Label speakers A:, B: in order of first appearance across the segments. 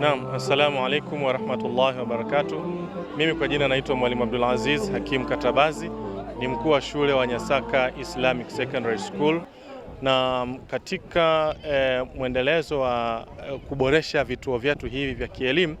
A: Naam, assalamu alaikum warahmatullahi wabarakatuh. Mimi kwa jina naitwa Mwalimu Abdul Aziz Hakim Katabazi, ni mkuu wa shule wa Nyasaka Islamic Secondary School, na katika eh, mwendelezo wa eh, kuboresha vituo vyetu hivi vya kielimu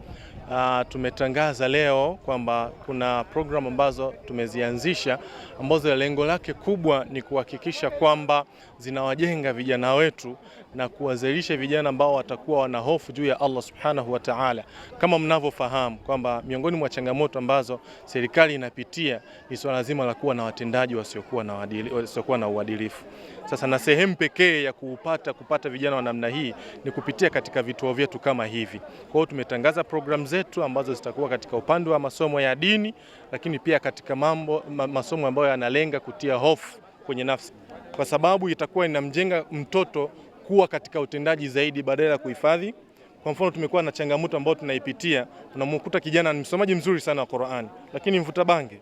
A: Uh, tumetangaza leo kwamba kuna programu ambazo tumezianzisha ambazo lengo lake kubwa ni kuhakikisha kwamba zinawajenga vijana wetu na kuwazalisha vijana ambao watakuwa wana hofu juu ya Allah Subhanahu wa Ta'ala. Kama mnavyofahamu kwamba miongoni mwa changamoto ambazo serikali inapitia ni swala zima la kuwa na watendaji wasiokuwa na wadili, wasiokuwa na uadilifu. Sasa na sehemu pekee ya kuupata kupata vijana wa namna hii ni kupitia katika vituo vyetu kama hivi. Kwa hiyo tumetangaza programu zetu ambazo zitakuwa katika upande wa masomo ya dini, lakini pia katika mambo masomo ambayo yanalenga kutia hofu kwenye nafsi, kwa sababu itakuwa inamjenga mtoto kuwa katika utendaji zaidi badala ya kuhifadhi. Kwa mfano, tumekuwa na changamoto ambayo tunaipitia, tunamkuta kijana ni msomaji mzuri sana wa Qur'an, lakini mvuta bange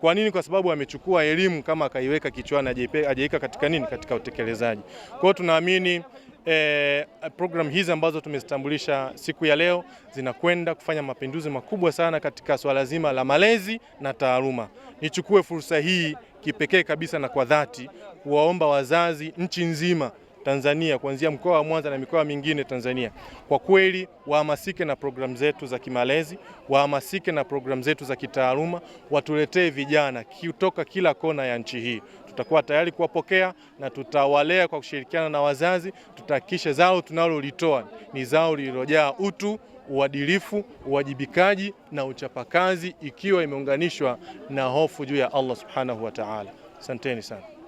A: Kwa nini? Kwa sababu amechukua elimu kama akaiweka kichwani, ajeika katika nini, katika utekelezaji. Kwa hiyo tunaamini eh, programu hizi ambazo tumezitambulisha siku ya leo zinakwenda kufanya mapinduzi makubwa sana katika swala zima la malezi na taaluma. Nichukue fursa hii kipekee kabisa na kwa dhati kuwaomba wazazi nchi nzima Tanzania kuanzia mkoa wa Mwanza na mikoa mingine Tanzania, kwa kweli wahamasike na programu zetu za kimalezi, wahamasike na programu zetu za kitaaluma, watuletee vijana kutoka kila kona ya nchi hii. Tutakuwa tayari kuwapokea na tutawalea kwa kushirikiana na wazazi. Tutahakikisha zao tunalolitoa ni zao lililojaa utu, uadilifu, uwajibikaji na uchapakazi, ikiwa imeunganishwa na hofu juu ya Allah subhanahu wa ta'ala. Asanteni sana.